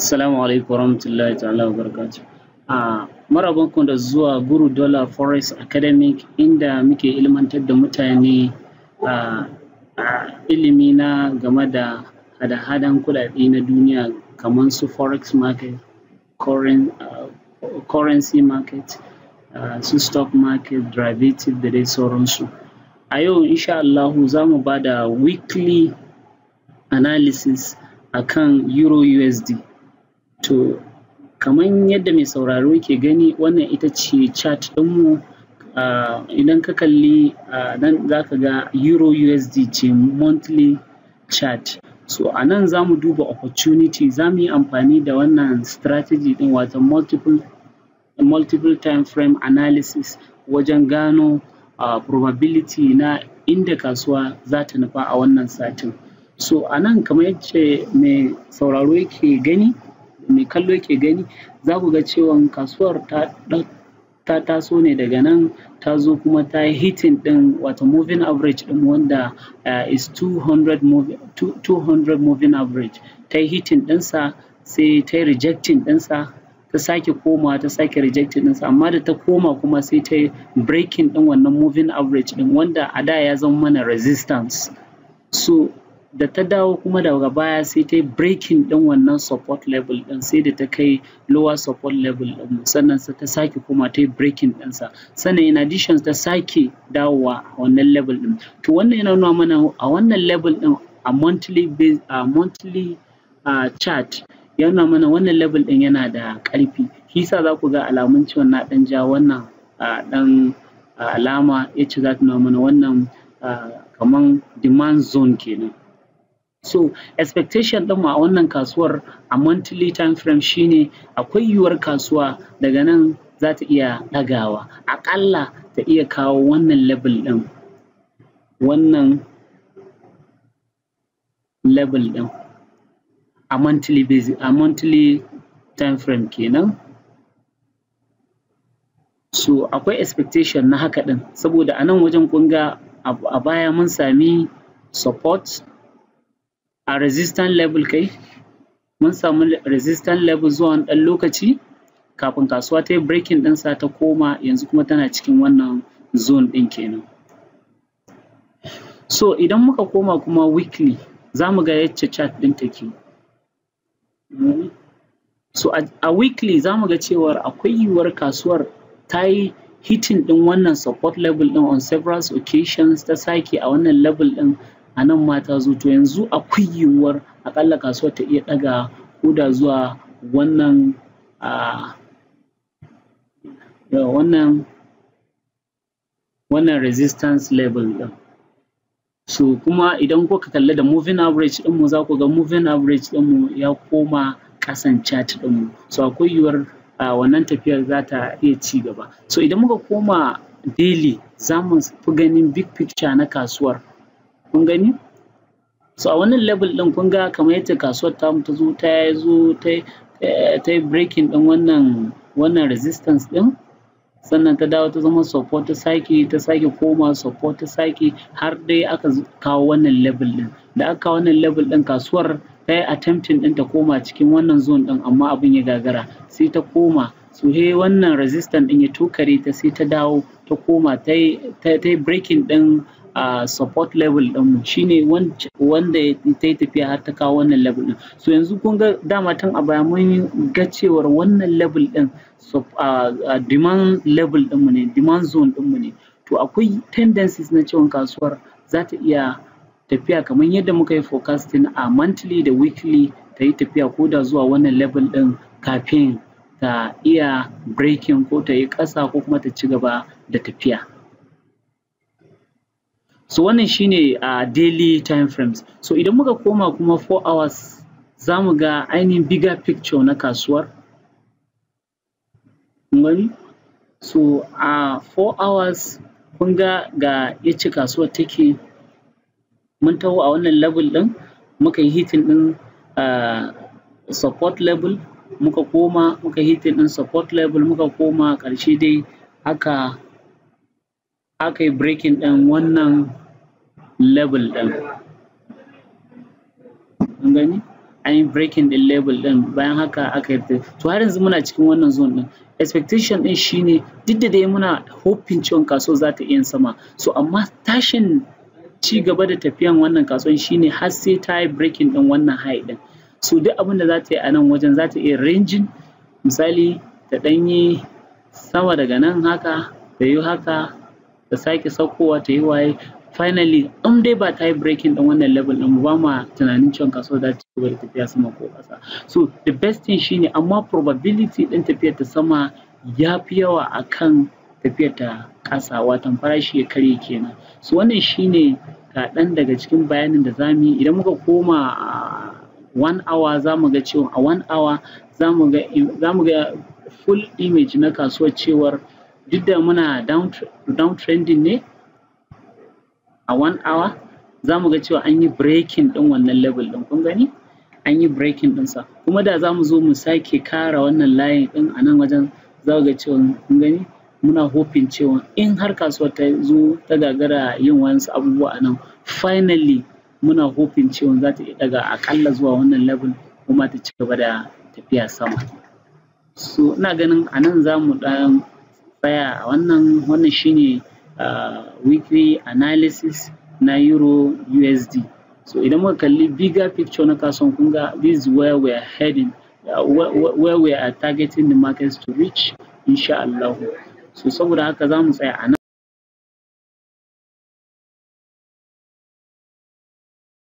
Assalamu alaikum warahmatullahi ta'ala wabarakatuh. Ah, a marabanku da zuwa Guru Dollar Forest Academic inda muke ilmantar da mutane a ah, ah, ilimi na game da hada-hadan kuɗaɗe na duniya kamar su forex market, currency market, su stock market, derivative da dai sauransu. A yau insha Allah, za mu ba da weekly analysis akan Euro USD. To, kaman yadda mai sauraro ke gani wannan ita ce chat ɗinmu uh, idan ka kalli nan za ka ga Euro USD ce monthly chat. So, a nan za mu duba opportunity, za mu yi amfani da wannan strategy ɗin wato multiple, multiple time frame analysis wajen gano probability na inda kasuwa za ta nufa a wannan satin. So, a nan kamar yadda mai sauraro yake gani, mai kallo ke gani za ku ga cewa kasuwar ta taso ne daga nan ta zo kuma ta yi hitin din wato moving average din wanda eh, is 200 moving, average ta yi hitin dinsa sai ta yi rejecting dinsa ta sake koma ta sake rejecting ɗinsa amma da ta koma kuma sai ta yi breaking ɗin wannan moving average din wanda a da ya zama mana resistance so da ta dawo kuma daga baya sai ta yi breaking ɗin wannan support level ɗin sai da ta kai lower support level ɗin sannan ta sake kuma ta yi breaking ɗinsa sannan in addition ta sake dawowa a wannan level ɗin to wannan yana nuna mana a wannan level ɗin a monthly a monthly chart yana mana wannan level ɗin yana da ƙarfi shi yasa za ku ga alamun cewa na ɗan ja wannan ɗan alama yace za ta nuna mana wannan kaman demand zone kenan So expectation ɗin mu a wannan kasuwar a monthly time frame shine akwai yiwuwar kasuwa daga nan za ta iya ɗagawa aƙalla ta iya kawo wannan level ɗin wannan level ɗin a monthly basis a monthly time frame kenan so akwai expectation na haka ɗin saboda a nan wajen kun a baya mun sami support a resistance level kai mun samu resistance level zuwa wani ɗan lokaci kafin kasuwa ta yi breaking ɗinsa ta koma yanzu kuma tana cikin wannan zone ɗin kenan so idan muka koma kuma weekly za mu ga yace chart ɗin take so a, a weekly za mu ga cewar akwai yiwuwar kasuwar ta yi hitting ɗin wannan support level ɗin on several occasions ta sake a wannan level ɗin a nan ma ta zo to yanzu akwai yiwuwar akalla kasuwar ta iya ɗaga koda zuwa wannan wannan wannan resistance level ɗin so kuma idan kuka kalli da moving average ɗinmu za ku ga moving average ɗinmu ya koma ƙasan chart ɗinmu so akwai yiwuwar wannan tafiyar za ta iya ci gaba so idan muka koma daily za mu fi ganin big picture na kasuwar kun gani so a wannan level din kun ga kamar yadda kasuwar ta ta zo ta zo ta eh, yi breaking din wannan wannan resistance din sannan ta dawo ta zama support ta sake ta sake koma support ta sake har dai aka kawo wannan level din da aka kawo wannan level din kasuwar ta yi attempting din ta koma cikin wannan zone din amma abin ya gagara sai ta koma so he wannan resistance din ya tukare ta sai ta dawo ta koma ta yi breaking din a support level ɗinmu ne wanda ta yi tafiya har ta kawo wannan level ɗin so yanzu kun ga dama tun a baya mun ga cewar wannan level ɗin demand level ɗinmu ne demand zone ɗinmu ne to akwai tendencies na cewa kasuwar za ta iya tafiya kamar yadda muka yi forecasting a monthly da weekly ta yi tafiya ko da zuwa wannan level ɗin kafin ta iya breaking ko ta yi ƙasa ko kuma ta ci gaba da tafiya. So wannan shine a uh, daily time frames. So idan muka koma kuma 4 hours za mu ga ainihin bigger picture na kasuwar. gani? So a uh, 4 hours kun ga ga yace kasuwar take mun taho a wannan level ɗin muka yi hitin ɗin uh, support level muka koma muka hitin ɗin support level muka koma ƙarshe dai haka aka yi breaking ɗin wannan level ɗin gani an yi breaking ɗin level ɗin bayan haka aka yi to har yanzu muna cikin wannan zone ɗin expectation ɗin shine duk da dai muna hoping cewa kasuwar za ta iya sama so amma tashin ci gaba da tafiyan wannan kasuwan shine har sai ta yi breaking ɗin wannan high ɗin so duk abin da za ta yi a nan wajen za ta iya ranging misali ta ɗanyi sama daga nan haka da yi haka ta sake saukowa ta yi waye finally in dai ba ta yi breaking din wannan level din ba ma tunanin cewa kasuwar da ta ci da tafiya sama ko kasa so the best thing shine amma probability din tafiyar ta sama ya fi yawa akan tafiyar ta ƙasa watan farashi ya karye kenan so wannan shine kaɗan daga cikin bayanin da zamu yi idan muka koma one hour za mu ga cewa a one hour za mu ga full image na kasuwar cewar duk da muna down trending ne a one hour za mu ga cewa an yi breaking ɗin wannan level ɗin kun gani an yi breaking ɗinsa kuma da za mu zo mu sake kara wannan layin ɗin a nan wajen za ga cewa kun gani muna hopin cewa in har kasuwar ta zo ta gagara yin wasu abubuwa a nan finally muna hopin cewa za ta iya daga akalla zuwa wannan level kuma ta ci gaba da tafiya sama so ina ganin a nan za mu ɗan tsaya a wannan wannan shine uh, weekly analysis na euro USD so idan muka kalli bigger picture na kasuwan kun ga this is where we are heading where, we are targeting the markets to reach insha Allah so saboda haka za mu tsaya a